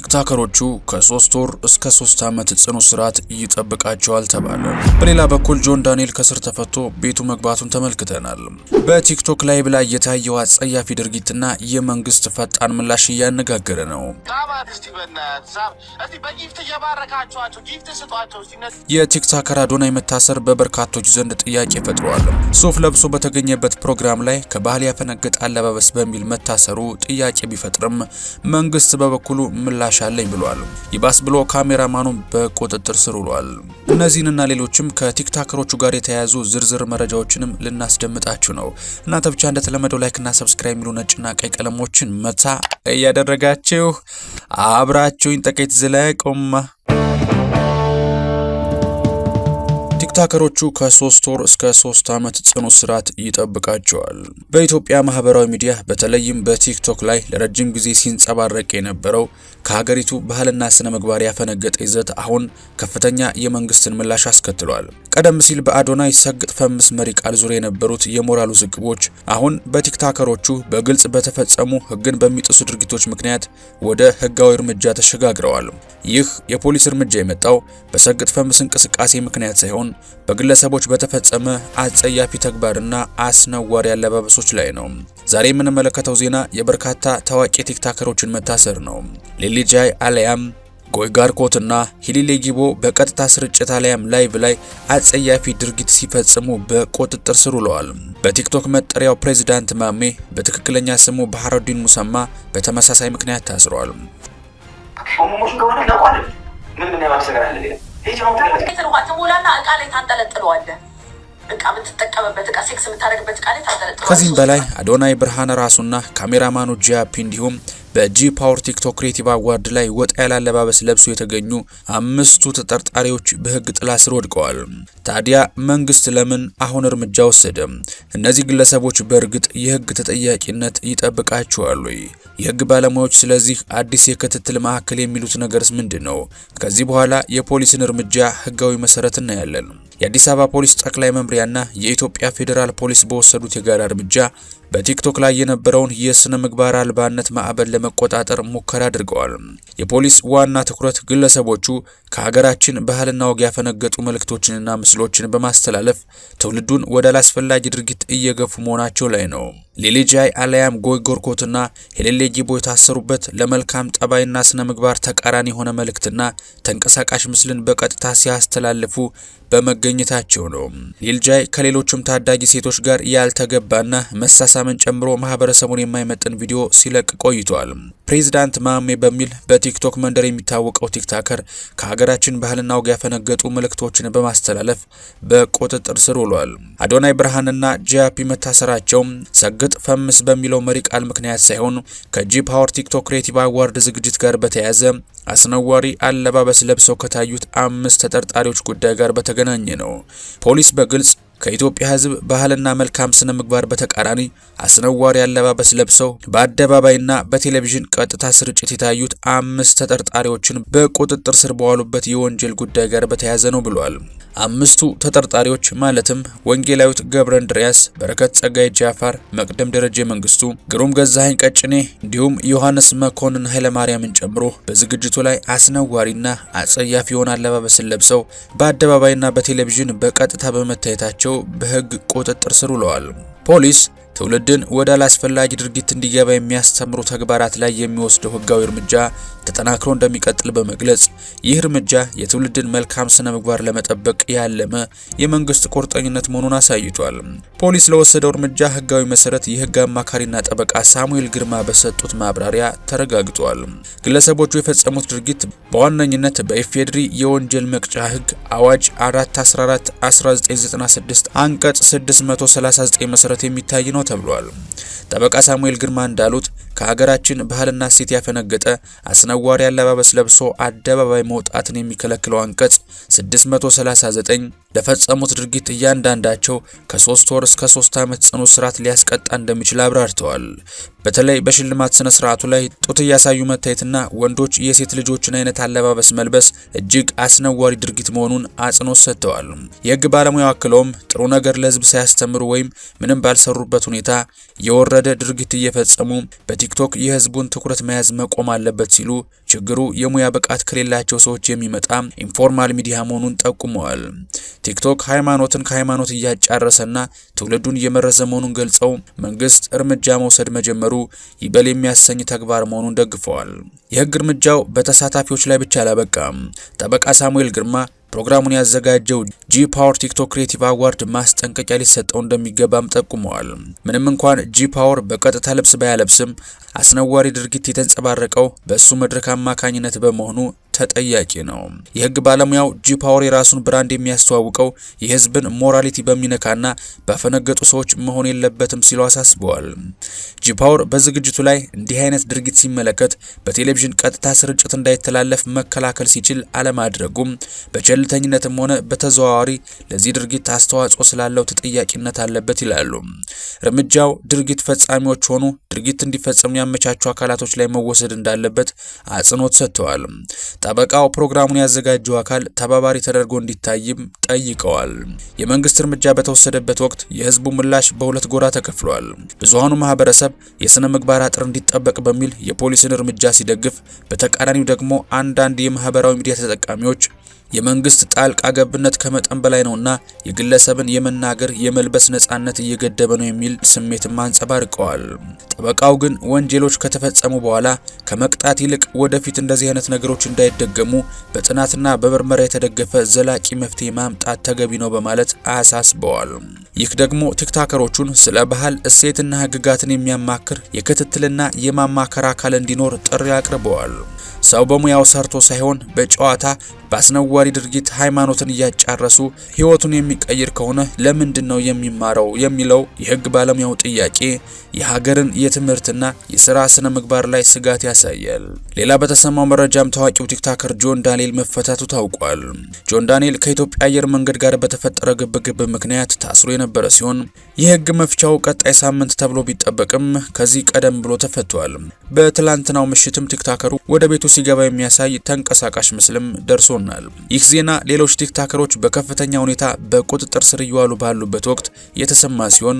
практик ታከሮቹ ከሶስት ወር እስከ ሶስት ዓመት ጽኑ እስራት ይጠብቃቸዋል ተባለ። በሌላ በኩል ጆን ዳንኤል ከስር ተፈቶ ቤቱ መግባቱን ተመልክተናል። በቲክቶክ ላይቭ ላይ የታየው አጸያፊ ድርጊትና የመንግስት ፈጣን ምላሽ እያነጋገረ ነው። የቲክቶከር አዶናይ መታሰር በበርካቶች ዘንድ ጥያቄ ፈጥሯል። ሱፍ ለብሶ በተገኘበት ፕሮግራም ላይ ከባህል ያፈነገጠ አለባበስ በሚል መታሰሩ ጥያቄ ቢፈጥርም መንግስት በበኩሉ ምላሽ አለኝ ብሏል። ይባስ ብሎ ካሜራማኑን በቁጥጥር ስር ውሏል። እነዚህንና ሌሎችም ከቲክታከሮቹ ጋር የተያያዙ ዝርዝር መረጃዎችንም ልናስደምጣችሁ ነው። እናንተ ብቻ እንደተለመደው ላይክና ሰብስክራይብ የሚሉ ነጭና ቀይ ቀለሞችን መታ እያደረጋችሁ አብራችሁኝ ጥቂት ዝለቁም። አታከሮቹ ከሶስት ወር እስከ ሶስት ዓመት ጽኑ እስራት ይጠብቃቸዋል። በኢትዮጵያ ማህበራዊ ሚዲያ በተለይም በቲክቶክ ላይ ለረጅም ጊዜ ሲንጸባረቅ የነበረው ከሀገሪቱ ባህልና ስነ ምግባር ያፈነገጠ ይዘት አሁን ከፍተኛ የመንግስትን ምላሽ አስከትሏል። ቀደም ሲል በአዶናይ ሰግጥ ፈምስ መሪ ቃል ዙሪያ የነበሩት የሞራል ውዝግቦች አሁን በቲክታከሮቹ በግልጽ በተፈጸሙ ህግን በሚጥሱ ድርጊቶች ምክንያት ወደ ህጋዊ እርምጃ ተሸጋግረዋል። ይህ የፖሊስ እርምጃ የመጣው በሰግጥ ፈምስ እንቅስቃሴ ምክንያት ሳይሆን በግለሰቦች በተፈጸመ አጸያፊ ተግባርና አስነዋሪ አለባበሶች ላይ ነው። ዛሬ የምንመለከተው ዜና የበርካታ ታዋቂ ቲክታከሮችን መታሰር ነው። ሌሊጃይ አሊያም ጎይጋርኮትና ሂሊሌ ጊቦ በቀጥታ ስርጭት አሊያም ላይቭ ላይ አጸያፊ ድርጊት ሲፈጽሙ በቁጥጥር ስር ውለዋል። በቲክቶክ መጠሪያው ፕሬዚዳንት ማሜ በትክክለኛ ስሙ ባህረዲን ሙሰማ በተመሳሳይ ምክንያት ታስረዋል። እቃ እቃ የምትጠቀምበት ሴክስ የምታደርግበት ከዚህም በላይ አዶናይ ብርሃን ራሱና ካሜራማኑ ጂያፒ እንዲሁም በጂ ፓወር ቲክቶክ ክሬቲቭ አዋርድ ላይ ወጣ ያለ አለባበስ ለብሶ የተገኙ አምስቱ ተጠርጣሪዎች በህግ ጥላ ስር ወድቀዋል። ታዲያ መንግስት ለምን አሁን እርምጃ ወሰደ? እነዚህ ግለሰቦች በእርግጥ የህግ ተጠያቂነት ይጠብቃቸዋል ወይ የህግ ባለሙያዎች ስለዚህ አዲስ የክትትል ማዕከል የሚሉት ነገርስ ምንድን ነው? ከዚህ በኋላ የፖሊስን እርምጃ ህጋዊ መሰረት እናያለን። የአዲስ አበባ ፖሊስ ጠቅላይ መምሪያና የኢትዮጵያ ፌዴራል ፖሊስ በወሰዱት የጋራ እርምጃ በቲክቶክ ላይ የነበረውን የስነ ምግባር አልባነት ማዕበል ለመቆጣጠር ሙከራ አድርገዋል። የፖሊስ ዋና ትኩረት ግለሰቦቹ ከሀገራችን ባህልና ወግ ያፈነገጡ መልእክቶችንና ምስሎችን በማስተላለፍ ትውልዱን ወደ አላስፈላጊ ድርጊት እየገፉ መሆናቸው ላይ ነው። ሌሌጃይ አለያም ጎይ ጎርኮትና ሄሌሌ ጊቦ የታሰሩበት ለመልካም ጠባይና ስነ ምግባር ተቃራኒ የሆነ መልእክትና ተንቀሳቃሽ ምስልን በቀጥታ ሲያስተላልፉ በመገኘታቸው ነው። ሌልጃይ ከሌሎችም ታዳጊ ሴቶች ጋር ያልተገባና መሳሳ ሳምንት ጨምሮ ማህበረሰቡን የማይመጥን ቪዲዮ ሲለቅ ቆይቷል። ፕሬዚዳንት ማሜ በሚል በቲክቶክ መንደር የሚታወቀው ቲክታከር ከሀገራችን ባህልና ወግ ያፈነገጡ መልእክቶችን በማስተላለፍ በቁጥጥር ስር ውሏል። አዶናይ ብርሃንና ጂያፒ መታሰራቸው ሰግጥ ፈምስ በሚለው መሪ ቃል ምክንያት ሳይሆን ከጂ ፓወር ቲክቶክ ክሬቲቭ አዋርድ ዝግጅት ጋር በተያያዘ አስነዋሪ አለባበስ ለብሰው ከታዩት አምስት ተጠርጣሪዎች ጉዳይ ጋር በተገናኘ ነው። ፖሊስ በግልጽ ከኢትዮጵያ ሕዝብ ባህልና መልካም ስነ ምግባር በተቃራኒ አስነዋሪ አለባበስ ለብሰው በአደባባይና በቴሌቪዥን ቀጥታ ስርጭት የታዩት አምስት ተጠርጣሪዎችን በቁጥጥር ስር በዋሉበት የወንጀል ጉዳይ ጋር በተያያዘ ነው ብሏል። አምስቱ ተጠርጣሪዎች ማለትም ወንጌላዊት ገብረ እንድሪያስ፣ በረከት ጸጋይ ጃፋር፣ መቅደም ደረጀ መንግስቱ፣ ግሩም ገዛሀኝ ቀጭኔ እንዲሁም ዮሐንስ መኮንን ኃይለማርያምን ጨምሮ በዝግጅቱ ላይ አስነዋሪና አጸያፊ የሆነ አለባበስን ለብሰው በአደባባይና በቴሌቪዥን በቀጥታ በመታየታቸው በመሆናቸው በህግ ቁጥጥር ስር ውለዋል። ፖሊስ ትውልድን ወደ አላስፈላጊ ድርጊት እንዲገባ የሚያስተምሩ ተግባራት ላይ የሚወስደው ህጋዊ እርምጃ ተጠናክሮ እንደሚቀጥል በመግለጽ ይህ እርምጃ የትውልድን መልካም ስነ ምግባር ለመጠበቅ ያለመ የመንግስት ቁርጠኝነት መሆኑን አሳይቷል። ፖሊስ ለወሰደው እርምጃ ህጋዊ መሰረት የህግ አማካሪና ጠበቃ ሳሙኤል ግርማ በሰጡት ማብራሪያ ተረጋግጧል። ግለሰቦቹ የፈጸሙት ድርጊት በዋነኝነት በኢፌድሪ የወንጀል መቅጫ ህግ አዋጅ 414 1996 አንቀጽ 639 መሰረት የሚታይ ነው ነው ተብሏል። ጠበቃ ሳሙኤል ግርማ እንዳሉት ከሀገራችን ባህልና እሴት ያፈነገጠ አስነዋሪ አለባበስ ለብሶ አደባባይ መውጣትን የሚከለክለው አንቀጽ 639 ለፈጸሙት ድርጊት እያንዳንዳቸው ከሶስት ወር እስከ ሶስት ዓመት ጽኑ እስራት ሊያስቀጣ እንደሚችል አብራርተዋል። በተለይ በሽልማት ስነ ስርዓቱ ላይ ጡት እያሳዩ መታየትና ወንዶች የሴት ልጆችን አይነት አለባበስ መልበስ እጅግ አስነዋሪ ድርጊት መሆኑን አጽንኦት ሰጥተዋል። የህግ ባለሙያው አክለውም ጥሩ ነገር ለህዝብ ሳያስተምሩ ወይም ምንም ባልሰሩበት ሁኔታ የወረደ ድርጊት እየፈጸሙ በቲ ቲክቶክ የህዝቡን ትኩረት መያዝ መቆም አለበት ሲሉ ችግሩ የሙያ ብቃት ከሌላቸው ሰዎች የሚመጣ ኢንፎርማል ሚዲያ መሆኑን ጠቁመዋል። ቲክቶክ ሃይማኖትን ከሃይማኖት እያጫረሰና ትውልዱን እየመረዘ መሆኑን ገልጸው መንግስት እርምጃ መውሰድ መጀመሩ ይበል የሚያሰኝ ተግባር መሆኑን ደግፈዋል። የህግ እርምጃው በተሳታፊዎች ላይ ብቻ አላበቃም። ጠበቃ ሳሙኤል ግርማ ፕሮግራሙን ያዘጋጀው ጂ ፓወር ቲክቶክ ክሬቲቭ አዋርድ ማስጠንቀቂያ ሊሰጠው እንደሚገባም ጠቁመዋል። ምንም እንኳን ጂ ፓወር በቀጥታ ልብስ ባያለብስም አስነዋሪ ድርጊት የተንጸባረቀው በእሱ መድረክ አማካኝነት በመሆኑ ተጠያቂ ነው። የህግ ባለሙያው ጂ ፓወር የራሱን ብራንድ የሚያስተዋውቀው የህዝብን ሞራሊቲ በሚነካና በፈነገጡ ሰዎች መሆን የለበትም ሲሉ አሳስበዋል። ጂ ፓወር በዝግጅቱ ላይ እንዲህ አይነት ድርጊት ሲመለከት በቴሌቪዥን ቀጥታ ስርጭት እንዳይተላለፍ መከላከል ሲችል አለማድረጉም በቸልተኝነትም ሆነ በተዘዋዋሪ ለዚህ ድርጊት አስተዋጽኦ ስላለው ተጠያቂነት አለበት ይላሉ። እርምጃው ድርጊት ፈጻሚዎች ሆኑ ድርጊት እንዲፈጸሙ ያመቻቹ አካላቶች ላይ መወሰድ እንዳለበት አጽንኦት ሰጥተዋል። ጠበቃው ፕሮግራሙን ያዘጋጀው አካል ተባባሪ ተደርጎ እንዲታይም ጠይቀዋል። የመንግስት እርምጃ በተወሰደበት ወቅት የህዝቡ ምላሽ በሁለት ጎራ ተከፍሏል። ብዙሃኑ ማህበረሰብ የስነ ምግባር አጥር እንዲጠበቅ በሚል የፖሊስን እርምጃ ሲደግፍ፣ በተቃራኒው ደግሞ አንዳንድ የማህበራዊ ሚዲያ ተጠቃሚዎች የመንግስት ጣልቃ ገብነት ከመጠን በላይ ነውና የግለሰብን የመናገር የመልበስ ነጻነት እየገደበ ነው የሚል ስሜትም አንጸባርቀዋል። ጠበቃው ግን ወንጀሎች ከተፈጸሙ በኋላ ከመቅጣት ይልቅ ወደፊት እንደዚህ አይነት ነገሮች እንዳይደገሙ በጥናትና በምርመራ የተደገፈ ዘላቂ መፍትሄ ማምጣት ተገቢ ነው በማለት አሳስበዋል። ይህ ደግሞ ቲክታከሮቹን ስለ ባህል እሴትና ህግጋትን የሚያማክር የክትትልና የማማከር አካል እንዲኖር ጥሪ አቅርበዋል። ሰው በሙያው ሰርቶ ሳይሆን በጨዋታ በአስነዋሪ ድርጊት ሃይማኖትን እያጫረሱ ህይወቱን የሚቀይር ከሆነ ለምንድን ነው የሚማረው የሚለው የህግ ባለሙያው ጥያቄ የሀገርን የትምህርትና የስራ ስነ ምግባር ላይ ስጋት ያሳያል። ሌላ በተሰማው መረጃም ታዋቂው ቲክታከር ጆን ዳንኤል መፈታቱ ታውቋል። ጆን ዳንኤል ከኢትዮጵያ አየር መንገድ ጋር በተፈጠረ ግብግብ ምክንያት ታስሮ የነበረ ሲሆን የህግ መፍቻው ቀጣይ ሳምንት ተብሎ ቢጠበቅም ከዚህ ቀደም ብሎ ተፈቷል። በትላንትናው ምሽትም ቲክታከሩ ወደ ቤቱ ቤቱ ሲገባ የሚያሳይ ተንቀሳቃሽ ምስልም ደርሶናል። ይህ ዜና ሌሎች ቲክታከሮች በከፍተኛ ሁኔታ በቁጥጥር ስር እየዋሉ ባሉበት ወቅት የተሰማ ሲሆን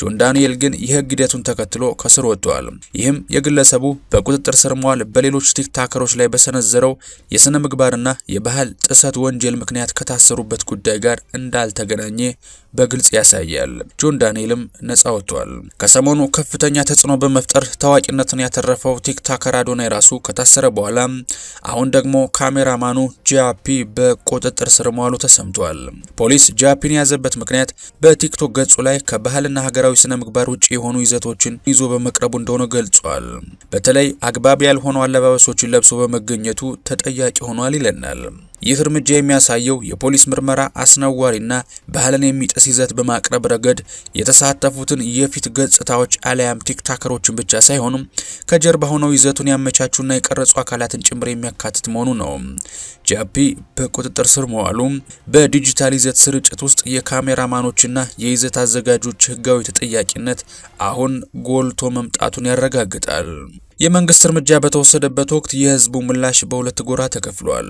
ጆን ዳንኤል ግን የህግ ሂደቱን ተከትሎ ከስር ወጥቷል። ይህም የግለሰቡ በቁጥጥር ስር መዋል በሌሎች ቲክታከሮች ላይ በሰነዘረው የስነ ምግባርና የባህል ጥሰት ወንጀል ምክንያት ከታሰሩበት ጉዳይ ጋር እንዳልተገናኘ በግልጽ ያሳያል። ጆን ዳንኤልም ነጻ ወጥቷል። ከሰሞኑ ከፍተኛ ተጽዕኖ በመፍጠር ታዋቂነትን ያተረፈው ቲክታከር አዶናይ ራሱ ከታሰረ በኋላ አሁን ደግሞ ካሜራማኑ ጃፒ በቁጥጥር ስር መዋሉ ተሰምቷል። ፖሊስ ጃፒን የያዘበት ምክንያት በቲክቶክ ገጹ ላይ ከባህልና ሀገራዊ ስነ ምግባር ውጭ የሆኑ ይዘቶችን ይዞ በመቅረቡ እንደሆነ ገልጿል። በተለይ አግባብ ያልሆኑ አለባበሶችን ለብሶ በመገኘቱ ተጠያቂ ሆኗል ይለናል። ይህ እርምጃ የሚያሳየው የፖሊስ ምርመራ አስነዋሪና ባህልን የሚጥስ ይዘት በማቅረብ ረገድ የተሳተፉትን የፊት ገጽታዎች አሊያም ቲክታከሮችን ብቻ ሳይሆኑም ከጀርባ ሆነው ይዘቱን ያመቻቹና የቀረጹ አካላትን ጭምር የሚያካትት መሆኑ ነው። ጃፒ በቁጥጥር ስር መዋሉ በዲጂታል ይዘት ስርጭት ውስጥ የካሜራማኖችና የይዘት አዘጋጆች ህጋዊ ተጠያቂነት አሁን ጎልቶ መምጣቱን ያረጋግጣል። የመንግስት እርምጃ በተወሰደበት ወቅት የህዝቡ ምላሽ በሁለት ጎራ ተከፍሏል።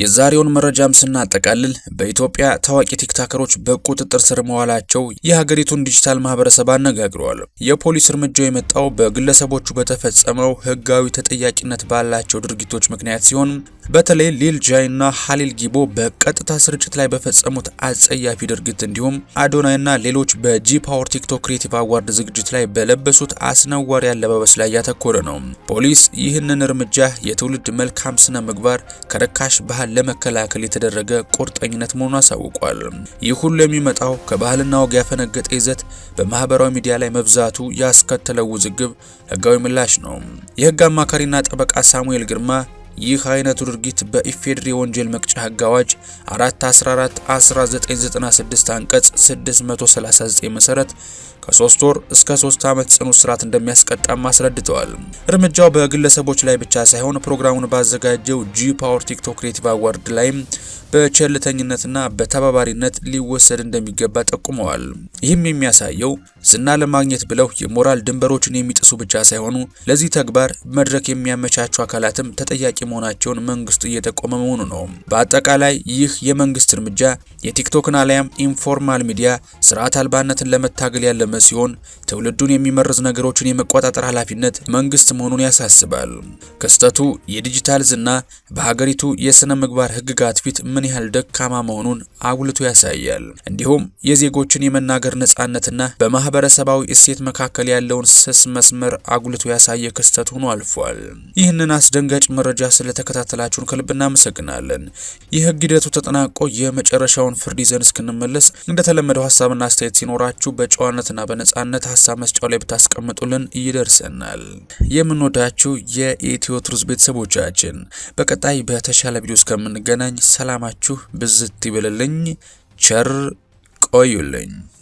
የዛሬውን መረጃም ስናጠቃልል በኢትዮጵያ ታዋቂ ቲክታከሮች በቁጥጥር ስር መዋላቸው የሀገሪቱን ዲጂታል ማህበረሰብ አነጋግረዋል። የፖሊስ እርምጃው የመጣው በግለሰቦቹ በተፈጸመው ህጋዊ ተጠያቂነት ባላቸው ድርጊቶች ምክንያት ሲሆን በተለይ ሊል ጃይና ሀሊል ጊቦ በቀጥታ ስርጭት ላይ በፈጸሙት አጸያፊ ድርጊት እንዲሁም አዶናይና ሌሎች በጂ ፓወር ቲክቶክ ክሬቲቭ አዋርድ ዝግጅት ላይ በለበሱት አስነዋሪ አለባበስ ላይ ያተኮረ ነው። ፖሊስ ይህንን እርምጃ የትውልድ መልካም ስነ ምግባር ከረካሽ ባህል ለመከላከል የተደረገ ቁርጠኝነት መሆኑን አሳውቋል። ይህ ሁሉ የሚመጣው ከባህልና ወግ ያፈነገጠ ይዘት በማህበራዊ ሚዲያ ላይ መብዛቱ ያስከተለው ውዝግብ ህጋዊ ምላሽ ነው። የህግ አማካሪና ጠበቃ ሳሙኤል ግርማ ይህ አይነቱ ድርጊት በኢፌድሪ ወንጀል መቅጫ ህግ አዋጅ 414 1996 አንቀጽ 639 መሰረት ከሶስት ወር እስከ ሶስት ዓመት ጽኑ እስራት እንደሚያስቀጣም አስረድተዋል። እርምጃው በግለሰቦች ላይ ብቻ ሳይሆን ፕሮግራሙን ባዘጋጀው ጂ ፓወር ቲክቶክ ክሬቲቭ አዋርድ ላይም በቸልተኝነትና በተባባሪነት ሊወሰድ እንደሚገባ ጠቁመዋል። ይህም የሚያሳየው ዝና ለማግኘት ብለው የሞራል ድንበሮችን የሚጥሱ ብቻ ሳይሆኑ ለዚህ ተግባር መድረክ የሚያመቻቹ አካላትም ተጠያቂ መሆናቸውን መንግስቱ እየጠቆመ መሆኑ ነው። በአጠቃላይ ይህ የመንግስት እርምጃ የቲክቶክን አሊያም ኢንፎርማል ሚዲያ ስርዓት አልባነትን ለመታገል ያለመ ሲሆን ትውልዱን የሚመርዝ ነገሮችን የመቆጣጠር ኃላፊነት መንግስት መሆኑን ያሳስባል። ክስተቱ የዲጂታል ዝና በሀገሪቱ የሥነ ምግባር ህግጋት ፊት ምን ምን ያህል ደካማ መሆኑን አጉልቶ ያሳያል። እንዲሁም የዜጎችን የመናገር ነጻነትና በማህበረሰባዊ እሴት መካከል ያለውን ስስ መስመር አጉልቶ ያሳየ ክስተት ሆኖ አልፏል። ይህንን አስደንጋጭ መረጃ ስለተከታተላችሁን ከልብ እናመሰግናለን። የህግ ሂደቱ ተጠናቆ የመጨረሻውን ፍርድ ይዘን እስክንመለስ እንደተለመደው ሀሳብና አስተያየት ሲኖራችሁ በጨዋነትና በነጻነት ሀሳብ መስጫው ላይ ብታስቀምጡልን ይደርሰናል። የምንወዳችሁ የኢትዮ ቱሪስት ቤተሰቦቻችን በቀጣይ በተሻለ ቪዲዮ እስከምንገናኝ ሰላማ ሰላማችሁ ብዝት ይበልልኝ። ቸር ቆዩልኝ።